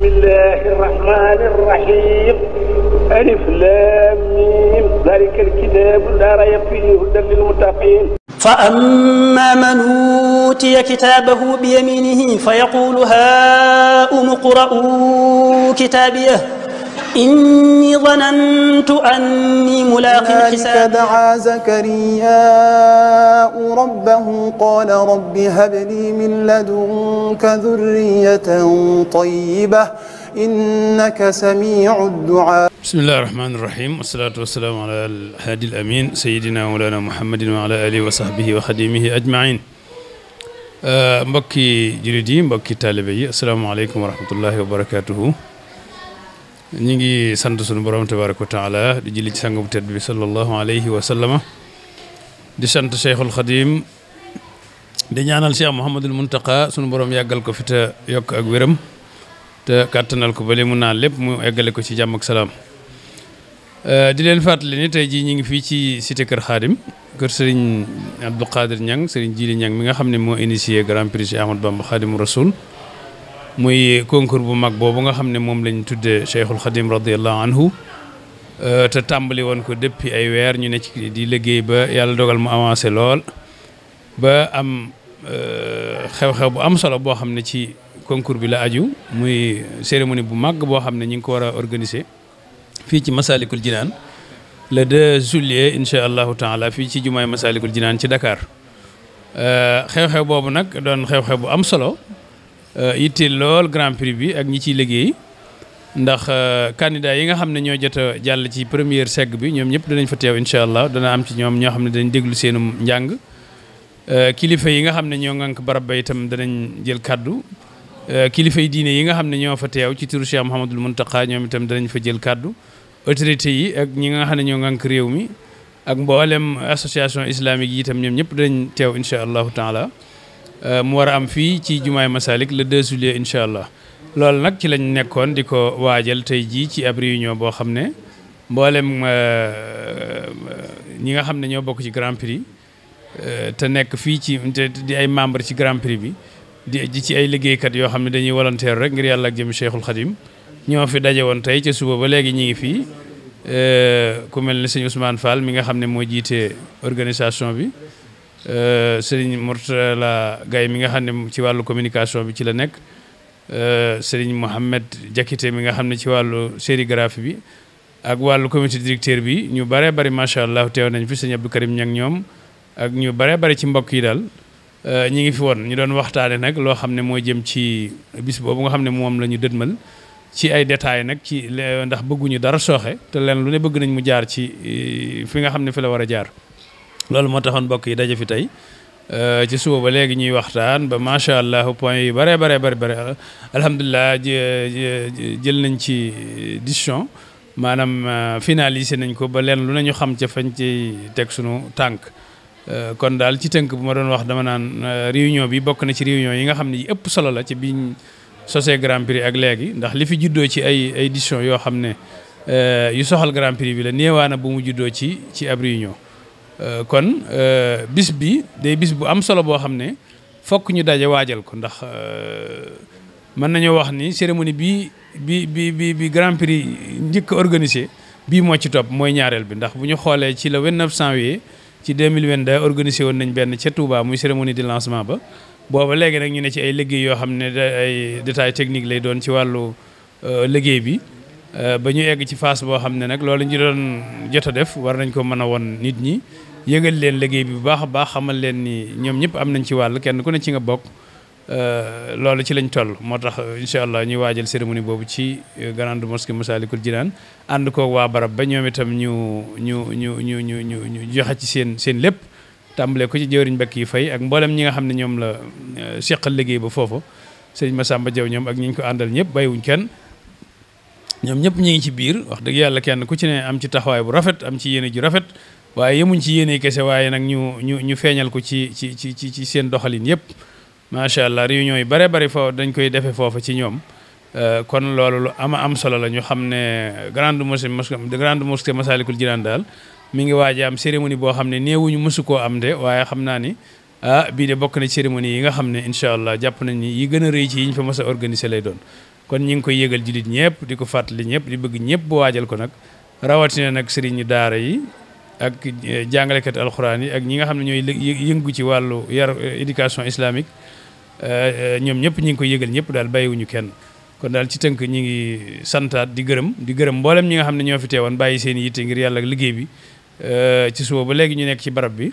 بسم الله الرحمن الرحيم ألف لام ميم ذلك الكتاب لا ريب فيه هدى للمتقين فأما من أوتي كتابه بيمينه فيقول هاؤم اقرءوا كتابيه إني ظننت أني ملاق حسابيه دعا زكريا أباه قال رب هب لي من لدنك ذرية طيبة إنك سميع الدعاء بسم الله الرحمن الرحيم والصلاة والسلام على الهادي الأمين سيدنا مولانا محمد وعلى آله وصحبه وخديمه أجمعين mbokki jullit yi mbokki taalibe yi asalaamaaleykum wa rahmatullahi wa barakaatuhu ñu ngi sant sunu borom tabaraka wa taala di julli ci sangu bu tedd bi sallallahu alayhi wa sallama di sant Cheikhul Xadim di ñaanal Cheikh Mouhamadul Mountakha suñu borom yàggal ko fi yokk ak wéram te kàttanal ko ba li mu naan lépp mu eggale ko ci jàmm ak salaam. Euh, di leen fàttali ni tey jii ñu ngi fii ci cité Kër Xaadim kër Serigne Abdou Khadir Niang sëriñ Djili Niang mi nga xam ne moo initié grand prix Cheikh Ahmad Bamba Xaadimu Rasul muy concours bu mag boobu nga xam ne moom lañ tuddee Cheikhul Xadim radiyallahu anhu euh, te tàmbali woon ko depuis ay weer ñu ne ci di liggéey ba yàlla dogal mu avancé lool. ba am euh, xew-xew bu am solo boo xam ne ci concours bi la aju muy cérémonie bu màgg boo xam ne ñu ngi ko war a organiser fii ci Massalikul Jinaan le 2 juillet incha allahu taala fii ci jumaay Massalikul Jinaan ci Dakar euh, xew-xew boobu nag doon xew-xew bu am solo euh, yitteel lool grand prix bi ak ñi ciy liggéey ndax candidat yi nga xam ne ñoo jot jàll ci première segg bi ñoom ñëpp danañ fa teew incha allah dana am ci ñoom ñoo xam ne dañ déglu seenum njàng. Euh, kilifa yi nga xam ne ñoo ngànk barab ba itam danañ jël kàddu euh, kilifa yi diine yi nga xam ne ñoo fa teew ci turu Cheikh Mouhamadul Mountakha ñoom itam danañ fa jël kàddu autorités yi ak ñi nga xam ne ñoo ngànk réew mi ak mboolem association islamique yi itam ñoom ñëpp danañ teew incha allahu taala euh, mu war am fii ci jumaay Masalik le 2 juillet incha allah loolu nag ci lañ nekkoon di ko waajal tey jii ci yu ñoo boo xam ne mboolem ñi nga xam ne ñoo bokk ci Grand Euh, te nekk fii ci di ay membre ci grand prix bi di ci ay liggéeykat yoo xam ne dañuy volontaire rek ngir yàlla ak jëm Cheikhul Khadim ñoo fi daje woon tey ca suba ba léegi ñu ngi fii euh, ku mel ni sëñ Ousmane Fall mi nga xam ne moo jiite organisation bi euh, sëriñ Mourtala Gaye mi nga xam ne ci wàllu communication bi ci la nekk sëriñ Mohamed Jakite mi nga xam ne ci wàllu sérigraphie bi ak wàllu comité directeur bi ñu bare bari macha allah teew nañ fi sëñ Abdou Karim ña ñoom. ak ñu bare bari ci mbokk yi daal euh, ñi ngi fi ñu doon waxtaane nag loo xam ne moo jëm ci bis boobu nga xam ne moom la ñu dëdmal ci ay détails nag ci ndax bëgguñu dara sooxe te leen lu bëgg nañ mu jaar ci euh, fi nga xam ne fi la war a jaar loolu moo taxoon mbokk yi daje fi tey euh, ci suba ba léegi ñuy waxtaan ba macha allah point yi bare bare bare bare alhamdulilah jël nañ ci décision maanaam finalisé nañ ko ba leen lu ne ñu xam ca fañ ci teg sunu tànk Euh, kon daal ci tënk bu ma doon wax dama naan euh, réunion bi bokk na ci réunion yi nga xam ne yi ëpp solo la ci biñ sosee Grand Prix ak léegi ndax li fi juddoo ci ay ay yoo xam ne euh, yu soxal Grand Prix bi la néewaana bu mu juddoo ci ci ab réunion kon bis bi day bis bu am solo boo xam ne fokk ñu daje waajal ko ndax mën nañu wax ni cérémonie bi bi bi bi bi Grand Prix njëkk a bii moo ci topp mooy ñaareel bi ndax bu ñu xoolee ci la le 29 janvier ci mille 2022 organisé woon nañ benn ca Touba muy cérémonie de lancement ba booba léegi nag ñu ne ci ay liggéey yoo xam ne ay détails techniques lay doon ci wàllu euh, liggéey bi euh, ba ñu egg ci phase boo xam ne nag loolu ñu doon jot a def war nañ ko mën a won nit ñi yëgal leen liggéey bi bu baax a baax xamal leen ni ñoom ñëpp am nañ ci wàll kenn ku ne ci nga bokk Euh, loolu ci lañ toll moo tax euh, incha allah ñuy waajal cérémonie boobu ci euh, grande mosquée Massalikul Jinaan ànd ko waa barab ba ñoom itam ñu ñu ñu ñu ñu ñu ñu joxe ci seen seen lépp tàmbale ko ci jëwriñ mbokk yi fay ak mbooleem ñi nga xam ne ñoom la seqal liggéey ba foofu ma Massamba Diaw ñoom ak ñi ñu ko àndal ñëpp bàyyiwuñ kenn ñoom ñëpp ñu ngi ci biir wax dëgg yàlla kenn ku ci ne am ci taxawaay bu rafet am ci yéene rafet waaye yemuñ ci yéene kese waaye nag ñu ñu ñu feeñal ko ci ci ci ci seen doxalin yëpp macha allah réunion yi bare bari foofu dañ koy defee foofu ci ñoom euh, kon loolu lu ama am solo la ñu xam ne grande mosquée grande mosquée Massalikul Jinaan daal mi ngi waaj am cérémonie boo xam ne néewuñu mosu koo am de waaye xam naa ni ah bii de bokk na cérémonie yi nga xam ne incha allah jàpp nañ ni yi gën a rëy ci yi fa mos a organiser lay doon kon ñi ngi koy yëgal jullit ñëpp di ko fàttali ñëpp di bëgg ñëpp bu waajal ko nag rawatina nag sëriñu daara yi ak eh, jàngalekat alxuraan yi ak ñi nga xam ne ñooy yëngu ci wàllu yar eh, éducation islamique Euh, ñoom ñëpp ñu ngi koy yëgal ñëpp daal bàyyiwuñu kenn kon daal ci tënk ñi ngi santaat di gërëm di gërëm mboolem ñi nga xam ne ñoo fi teewoon bàyyi seen yitte ngir yàlla liggéey bi euh, ci suba ñu nekk ci barab bi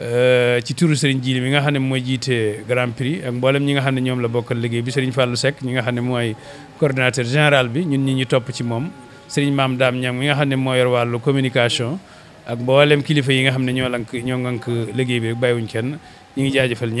euh, ci turu Serigne Jili mi nga xam ne mooy jiite Grand Prix ak ñi nga xam ne ñoom la bokkal liggéey bi Serigne Fallou Seck ñi nga xam ne mooy coordonnateur général bi ñun ñi ñu topp ci moom Serigne Maam Daam Ñam mi nga xam ne moo yor wàllu communication ak mboolem kilifa yi nga xam ne ñoo lank ñoo ngank liggéey bi rek bàyyiwuñ kenn ñi ngi jaajëfal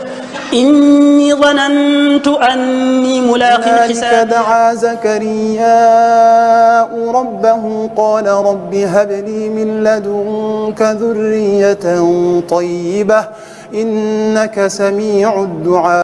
إني ظننت أني ملاق حسابي دعا زكرياء ربه قال رب هب لي من لدنك ذرية طيبة إنك سميع الدعاء